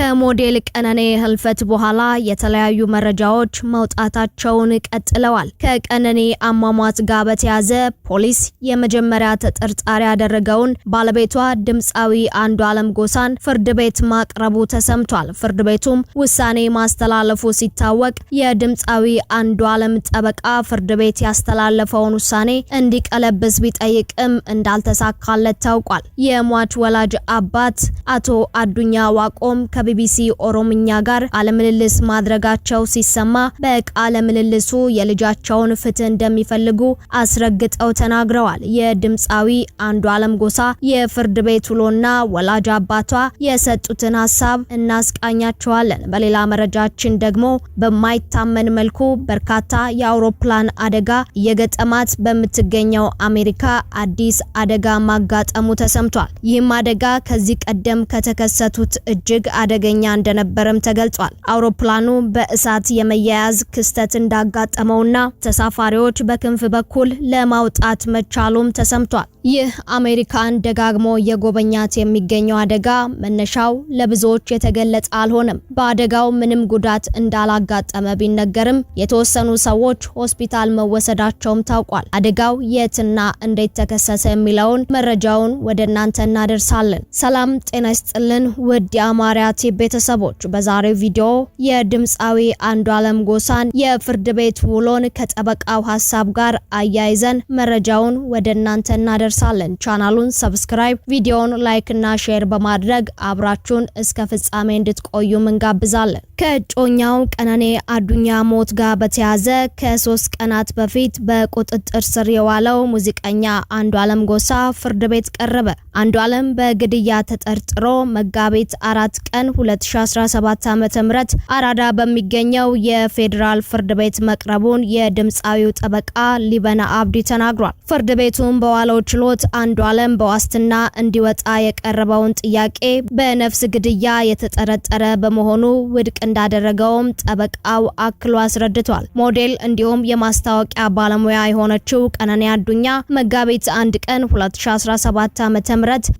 ከሞዴል ቀነኔ ህልፈት በኋላ የተለያዩ መረጃዎች መውጣታቸውን ቀጥለዋል። ከቀነኔ አሟሟት ጋር በተያዘ ፖሊስ የመጀመሪያ ተጠርጣሪ ያደረገውን ባለቤቷ ድምፃዊ አንዱ አለም ጎሳን ፍርድ ቤት ማቅረቡ ተሰምቷል። ፍርድ ቤቱም ውሳኔ ማስተላለፉ ሲታወቅ የድምፃዊ አንዱ አለም ጠበቃ ፍርድ ቤት ያስተላለፈውን ውሳኔ እንዲቀለብስ ቢጠይቅም እንዳልተሳካለት ታውቋል። የሟች ወላጅ አባት አቶ አዱኛ ዋቆም ከቤ ከቢቢሲ ኦሮምኛ ጋር አለምልልስ ማድረጋቸው ሲሰማ በቃለ ምልልሱ የልጃቸውን ፍትህ እንደሚፈልጉ አስረግጠው ተናግረዋል። የድምፃዊ ዓለም ጎሳ የፍርድ ቤት ውሎና ወላጅ አባቷ የሰጡትን ሀሳብ እናስቃኛቸዋለን። በሌላ መረጃችን ደግሞ በማይታመን መልኩ በርካታ የአውሮፕላን አደጋ የገጠማት በምትገኘው አሜሪካ አዲስ አደጋ ማጋጠሙ ተሰምቷል። ይህም አደጋ ከዚህ ቀደም ከተከሰቱት እጅግ አደገኛ እንደነበረም ተገልጿል። አውሮፕላኑ በእሳት የመያያዝ ክስተት እንዳጋጠመውና ተሳፋሪዎች በክንፍ በኩል ለማውጣት መቻሉም ተሰምቷል። ይህ አሜሪካን ደጋግሞ የጎበኛት የሚገኘው አደጋ መነሻው ለብዙዎች የተገለጸ አልሆነም። በአደጋው ምንም ጉዳት እንዳላጋጠመ ቢነገርም የተወሰኑ ሰዎች ሆስፒታል መወሰዳቸውም ታውቋል። አደጋው የትና እንዴት ተከሰተ የሚለውን መረጃውን ወደ እናንተ እናደርሳለን። ሰላም ጤና ይስጥልን ውድ የአማርያ ቲዩብ ቤተሰቦች፣ በዛሬው ቪዲዮ የድምፃዊ አለም ጎሳን የፍርድ ቤት ውሎን ከጠበቃው ሀሳብ ጋር አያይዘን መረጃውን ወደ እናንተ እናደርሳለን። እንደርሳለን። ቻናሉን ሰብስክራይብ፣ ቪዲዮውን ላይክ እና ሼር በማድረግ አብራችሁን እስከ ፍጻሜ እንድትቆዩም እንጋብዛለን። ከእጮኛው ቀነኔ አዱኛ ሞት ጋር በተያዘ ከሶስት ቀናት በፊት በቁጥጥር ስር የዋለው ሙዚቀኛ አንዱዓለም ጎሳ ፍርድ ቤት ቀረበ። አንዱዓለም በግድያ ተጠርጥሮ መጋቢት አራት ቀን 2017 ዓ.ም አራዳ በሚገኘው የፌዴራል ፍርድ ቤት መቅረቡን የድምፃዊው ጠበቃ ሊበና አብዲ ተናግሯል። ፍርድ ቤቱም በዋለው ችሎት አለም በዋስትና እንዲወጣ የቀረበውን ጥያቄ በነፍስ ግድያ የተጠረጠረ በመሆኑ ውድቅ እንዳደረገውም ጠበቃው አክሎ አስረድቷል። ሞዴል እንዲሁም የማስታወቂያ ባለሙያ የሆነችው ቀነኒ አዱኛ መጋቢት አንድ ቀን 2017 ዓ.ም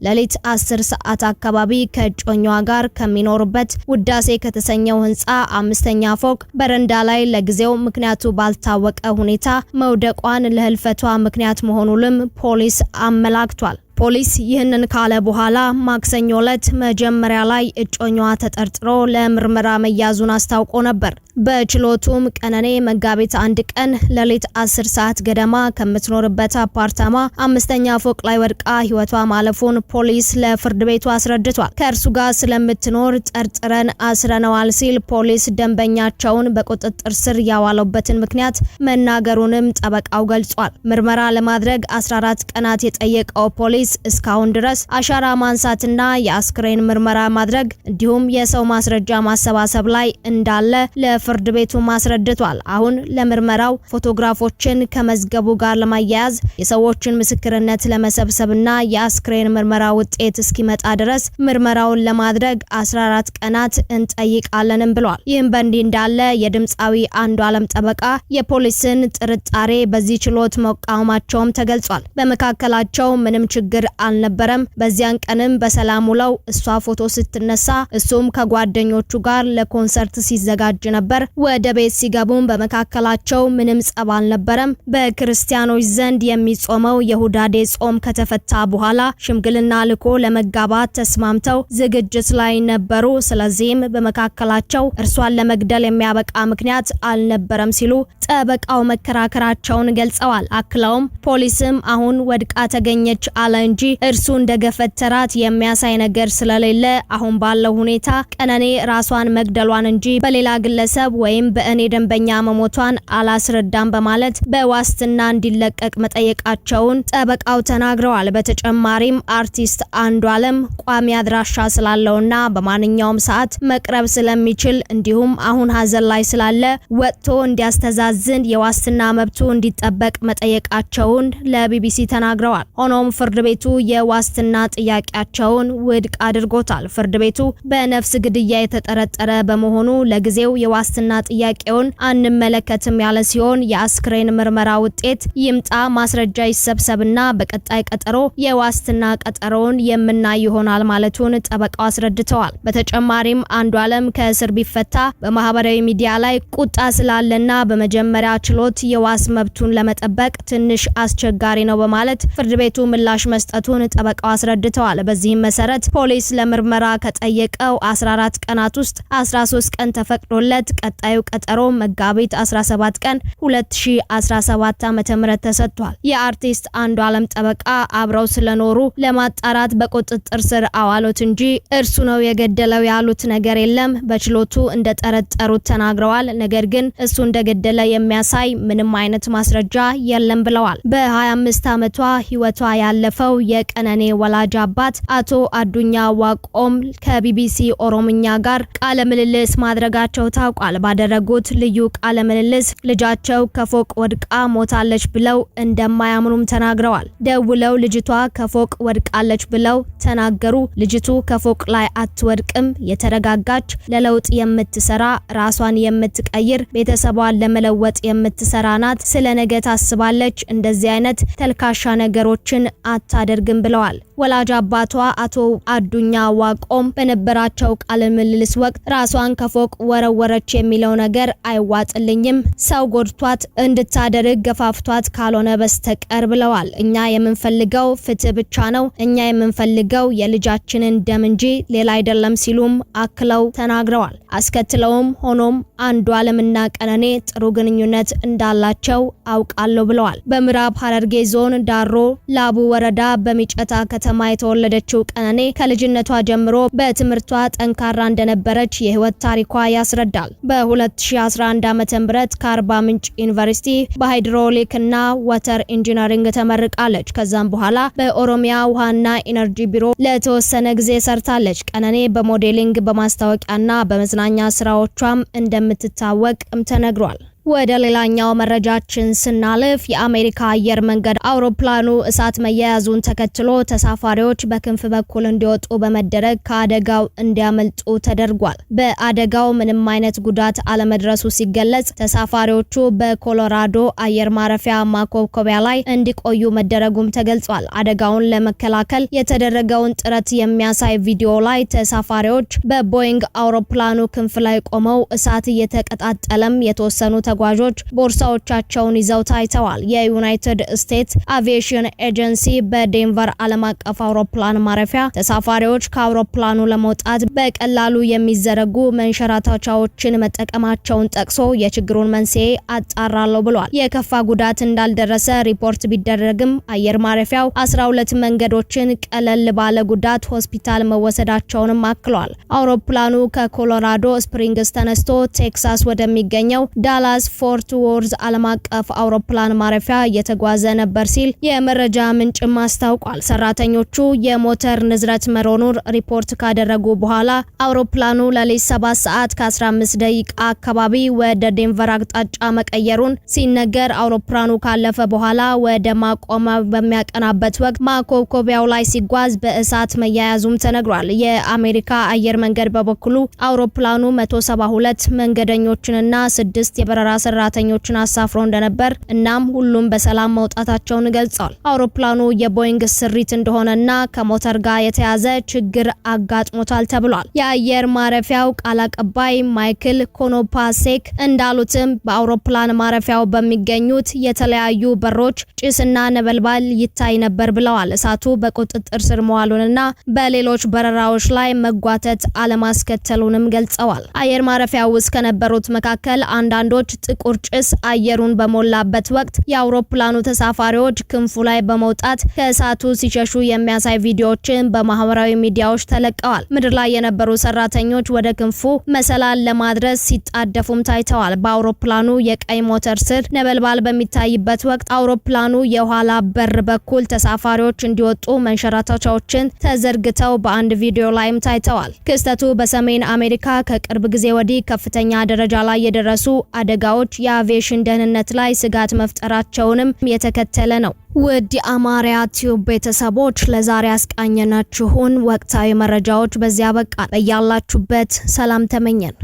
ሌሊት 10 ሰዓት አካባቢ ከእጮኛዋ ጋር ከሚኖሩበት ውዳሴ ከተሰኘው ህንፃ አምስተኛ ፎቅ በረንዳ ላይ ለጊዜው ምክንያቱ ባልታወቀ ሁኔታ መውደቋን ለህልፈቷ ምክንያት መሆኑንም ፖሊስ አመላክቷል። ፖሊስ ይህንን ካለ በኋላ ማክሰኞ ዕለት መጀመሪያ ላይ እጮኛዋ ተጠርጥሮ ለምርመራ መያዙን አስታውቆ ነበር። በችሎቱም ቀነኔ መጋቢት አንድ ቀን ሌሊት 10 ሰዓት ገደማ ከምትኖርበት አፓርታማ አምስተኛ ፎቅ ላይ ወድቃ ሕይወቷ ማለፉን ፖሊስ ለፍርድ ቤቱ አስረድቷል። ከእርሱ ጋር ስለምትኖር ጠርጥረን አስረነዋል ሲል ፖሊስ ደንበኛቸውን በቁጥጥር ስር ያዋለበትን ምክንያት መናገሩንም ጠበቃው ገልጿል። ምርመራ ለማድረግ 14 ቀናት የጠየቀው ፖሊስ ፖሊስ እስካሁን ድረስ አሻራ ማንሳትና የአስክሬን ምርመራ ማድረግ እንዲሁም የሰው ማስረጃ ማሰባሰብ ላይ እንዳለ ለፍርድ ቤቱ ማስረድቷል። አሁን ለምርመራው ፎቶግራፎችን ከመዝገቡ ጋር ለማያያዝ የሰዎችን ምስክርነት ለመሰብሰብና የአስክሬን ምርመራ ውጤት እስኪመጣ ድረስ ምርመራውን ለማድረግ 14 ቀናት እንጠይቃለንም ብሏል። ይህም በእንዲህ እንዳለ የድምፃዊ አንዱ አለም ጠበቃ የፖሊስን ጥርጣሬ በዚህ ችሎት መቃወማቸውም ተገልጿል። በመካከላቸው ምንም ችግር ችግር አልነበረም። በዚያን ቀንም በሰላም ውለው እሷ ፎቶ ስትነሳ እሱም ከጓደኞቹ ጋር ለኮንሰርት ሲዘጋጅ ነበር። ወደ ቤት ሲገቡም በመካከላቸው ምንም ጸብ አልነበረም። በክርስቲያኖች ዘንድ የሚጾመው የሁዳዴ ጾም ከተፈታ በኋላ ሽምግልና ልኮ ለመጋባት ተስማምተው ዝግጅት ላይ ነበሩ። ስለዚህም በመካከላቸው እርሷን ለመግደል የሚያበቃ ምክንያት አልነበረም ሲሉ ጠበቃው መከራከራቸውን ገልጸዋል። አክለውም ፖሊስም አሁን ወድቃ ተገኘች አለ እንጂ እርሱ እንደገፈተራት የሚያሳይ ነገር ስለሌለ አሁን ባለው ሁኔታ ቀነኔ ራሷን መግደሏን እንጂ በሌላ ግለሰብ ወይም በእኔ ደንበኛ መሞቷን አላስረዳም በማለት በዋስትና እንዲለቀቅ መጠየቃቸውን ጠበቃው ተናግረዋል። በተጨማሪም አርቲስት አንዱ አለም ቋሚ አድራሻ ስላለውና በማንኛውም ሰዓት መቅረብ ስለሚችል እንዲሁም አሁን ሀዘን ላይ ስላለ ወጥቶ እንዲያስተዛዝ ዘንድ የዋስትና መብቱ እንዲጠበቅ መጠየቃቸውን ለቢቢሲ ተናግረዋል። ሆኖም ፍርድ ቤቱ የዋስትና ጥያቄያቸውን ውድቅ አድርጎታል። ፍርድ ቤቱ በነፍስ ግድያ የተጠረጠረ በመሆኑ ለጊዜው የዋስትና ጥያቄውን አንመለከትም ያለ ሲሆን የአስክሬን ምርመራ ውጤት ይምጣ፣ ማስረጃ ይሰብሰብና በቀጣይ ቀጠሮ የዋስትና ቀጠሮውን የምናይ ይሆናል ማለቱን ጠበቃው አስረድተዋል። በተጨማሪም አንዱ ዓለም ከእስር ቢፈታ በማህበራዊ ሚዲያ ላይ ቁጣ ስላለና በመጀመ የመጀመሪያ ችሎት የዋስ መብቱን ለመጠበቅ ትንሽ አስቸጋሪ ነው በማለት ፍርድ ቤቱ ምላሽ መስጠቱን ጠበቃው አስረድተዋል። በዚህም መሰረት ፖሊስ ለምርመራ ከጠየቀው 14 ቀናት ውስጥ 13 ቀን ተፈቅዶለት ቀጣዩ ቀጠሮ መጋቢት 17 ቀን 2017 ዓ.ም ተሰጥቷል። የአርቲስት አንዱ አለም ጠበቃ አብረው ስለኖሩ ለማጣራት በቁጥጥር ስር አዋሎት እንጂ እርሱ ነው የገደለው ያሉት ነገር የለም። በችሎቱ እንደጠረጠሩት ተናግረዋል። ነገር ግን እሱ እንደገደለ የሚያሳይ ምንም አይነት ማስረጃ የለም ብለዋል። በ25 ዓመቷ ህይወቷ ያለፈው የቀነኔ ወላጅ አባት አቶ አዱኛ ዋቆም ከቢቢሲ ኦሮምኛ ጋር ቃለ ምልልስ ማድረጋቸው ታውቋል። ባደረጉት ልዩ ቃለ ምልልስ ልጃቸው ከፎቅ ወድቃ ሞታለች ብለው እንደማያምኑም ተናግረዋል። ደውለው ልጅቷ ከፎቅ ወድቃለች ብለው ተናገሩ። ልጅቱ ከፎቅ ላይ አትወድቅም፣ የተረጋጋች ለለውጥ የምትሰራ ራሷን የምትቀይር ቤተሰቧን ለመለወ ለመለወጥ የምትሰራ ናት። ስለ ነገ ታስባለች። እንደዚህ አይነት ተልካሻ ነገሮችን አታደርግም ብለዋል። ወላጅ አባቷ አቶ አዱኛ ዋቆም በነበራቸው ቃለ ምልልስ ወቅት ራሷን ከፎቅ ወረወረች የሚለው ነገር አይዋጥልኝም፣ ሰው ጎድቷት እንድታደርግ ገፋፍቷት ካልሆነ በስተቀር ብለዋል። እኛ የምንፈልገው ፍትህ ብቻ ነው። እኛ የምንፈልገው የልጃችንን ደም እንጂ ሌላ አይደለም ሲሉም አክለው ተናግረዋል። አስከትለውም ሆኖም አንዱ አለምና ቀነኔ ጥሩ ግን ግንኙነት እንዳላቸው አውቃለሁ ብለዋል። በምዕራብ ሐረርጌ ዞን ዳሮ ላቡ ወረዳ በሚጨታ ከተማ የተወለደችው ቀነኔ ከልጅነቷ ጀምሮ በትምህርቷ ጠንካራ እንደነበረች የህይወት ታሪኳ ያስረዳል። በ2011 ዓ.ም ከአርባ ምንጭ ዩኒቨርሲቲ በሃይድሮሊክ እና ወተር ኢንጂነሪንግ ተመርቃለች። ከዛም በኋላ በኦሮሚያ ውሃና ኢነርጂ ቢሮ ለተወሰነ ጊዜ ሰርታለች። ቀነኔ በሞዴሊንግ በማስታወቂያና በመዝናኛ ስራዎቿም እንደምትታወቅም ተነግሯል። ወደ ሌላኛው መረጃችን ስናልፍ የአሜሪካ አየር መንገድ አውሮፕላኑ እሳት መያያዙን ተከትሎ ተሳፋሪዎች በክንፍ በኩል እንዲወጡ በመደረግ ከአደጋው እንዲያመልጡ ተደርጓል። በአደጋው ምንም አይነት ጉዳት አለመድረሱ ሲገለጽ፣ ተሳፋሪዎቹ በኮሎራዶ አየር ማረፊያ ማኮብኮቢያ ላይ እንዲቆዩ መደረጉም ተገልጿል። አደጋውን ለመከላከል የተደረገውን ጥረት የሚያሳይ ቪዲዮ ላይ ተሳፋሪዎች በቦይንግ አውሮፕላኑ ክንፍ ላይ ቆመው እሳት እየተቀጣጠለም የተወሰኑ ተጓዦች ቦርሳዎቻቸውን ይዘው ታይተዋል። የዩናይትድ ስቴትስ አቪዬሽን ኤጀንሲ በዴንቨር ዓለም አቀፍ አውሮፕላን ማረፊያ ተሳፋሪዎች ከአውሮፕላኑ ለመውጣት በቀላሉ የሚዘረጉ መንሸራተቻዎችን መጠቀማቸውን ጠቅሶ የችግሩን መንስኤ አጣራለሁ ብሏል። የከፋ ጉዳት እንዳልደረሰ ሪፖርት ቢደረግም አየር ማረፊያው 12 መንገዶችን ቀለል ባለ ጉዳት ሆስፒታል መወሰዳቸውንም አክሏል። አውሮፕላኑ ከኮሎራዶ ስፕሪንግስ ተነስቶ ቴክሳስ ወደሚገኘው ዳላስ ዳላስ ፎርት ወርዝ ዓለም አቀፍ አውሮፕላን ማረፊያ እየተጓዘ ነበር ሲል የመረጃ ምንጭም አስታውቋል። ሰራተኞቹ የሞተር ንዝረት መሮኑር ሪፖርት ካደረጉ በኋላ አውሮፕላኑ ለሌት 7 ሰዓት ከ15 ደቂቃ አካባቢ ወደ ዴንቨር አቅጣጫ መቀየሩን ሲነገር አውሮፕላኑ ካለፈ በኋላ ወደ ማቆመ በሚያቀናበት ወቅት ማኮብኮቢያው ላይ ሲጓዝ በእሳት መያያዙም ተነግሯል። የአሜሪካ አየር መንገድ በበኩሉ አውሮፕላኑ 172 መንገደኞችንና ስድስት የበረራ በረራ ሰራተኞችን አሳፍሮ እንደነበር እናም ሁሉም በሰላም መውጣታቸውን ገልጸዋል። አውሮፕላኑ የቦይንግ ስሪት እንደሆነና ከሞተር ጋር የተያዘ ችግር አጋጥሞታል ተብሏል። የአየር ማረፊያው ቃል አቀባይ ማይክል ኮኖፓሴክ እንዳሉትም በአውሮፕላን ማረፊያው በሚገኙት የተለያዩ በሮች ጭስና ነበልባል ይታይ ነበር ብለዋል። እሳቱ በቁጥጥር ስር መዋሉንና በሌሎች በረራዎች ላይ መጓተት አለማስከተሉንም ገልጸዋል። አየር ማረፊያው ውስጥ ከነበሩት መካከል አንዳንዶች ጥቁር ጭስ አየሩን በሞላበት ወቅት የአውሮፕላኑ ተሳፋሪዎች ክንፉ ላይ በመውጣት ከእሳቱ ሲሸሹ የሚያሳይ ቪዲዮዎችን በማህበራዊ ሚዲያዎች ተለቀዋል። ምድር ላይ የነበሩ ሰራተኞች ወደ ክንፉ መሰላል ለማድረስ ሲጣደፉም ታይተዋል። በአውሮፕላኑ የቀይ ሞተር ስር ነበልባል በሚታይበት ወቅት አውሮፕላኑ የኋላ በር በኩል ተሳፋሪዎች እንዲወጡ መንሸራተቻዎችን ተዘርግተው በአንድ ቪዲዮ ላይም ታይተዋል። ክስተቱ በሰሜን አሜሪካ ከቅርብ ጊዜ ወዲህ ከፍተኛ ደረጃ ላይ የደረሱ አደጋ እርምጃዎች የአቪዬሽን ደህንነት ላይ ስጋት መፍጠራቸውንም የተከተለ ነው። ውድ የአማርያ ቲዩብ ቤተሰቦች ለዛሬ ያስቃኘናችሁን ወቅታዊ መረጃዎች በዚያ በቃ። በያላችሁበት ሰላም ተመኘን።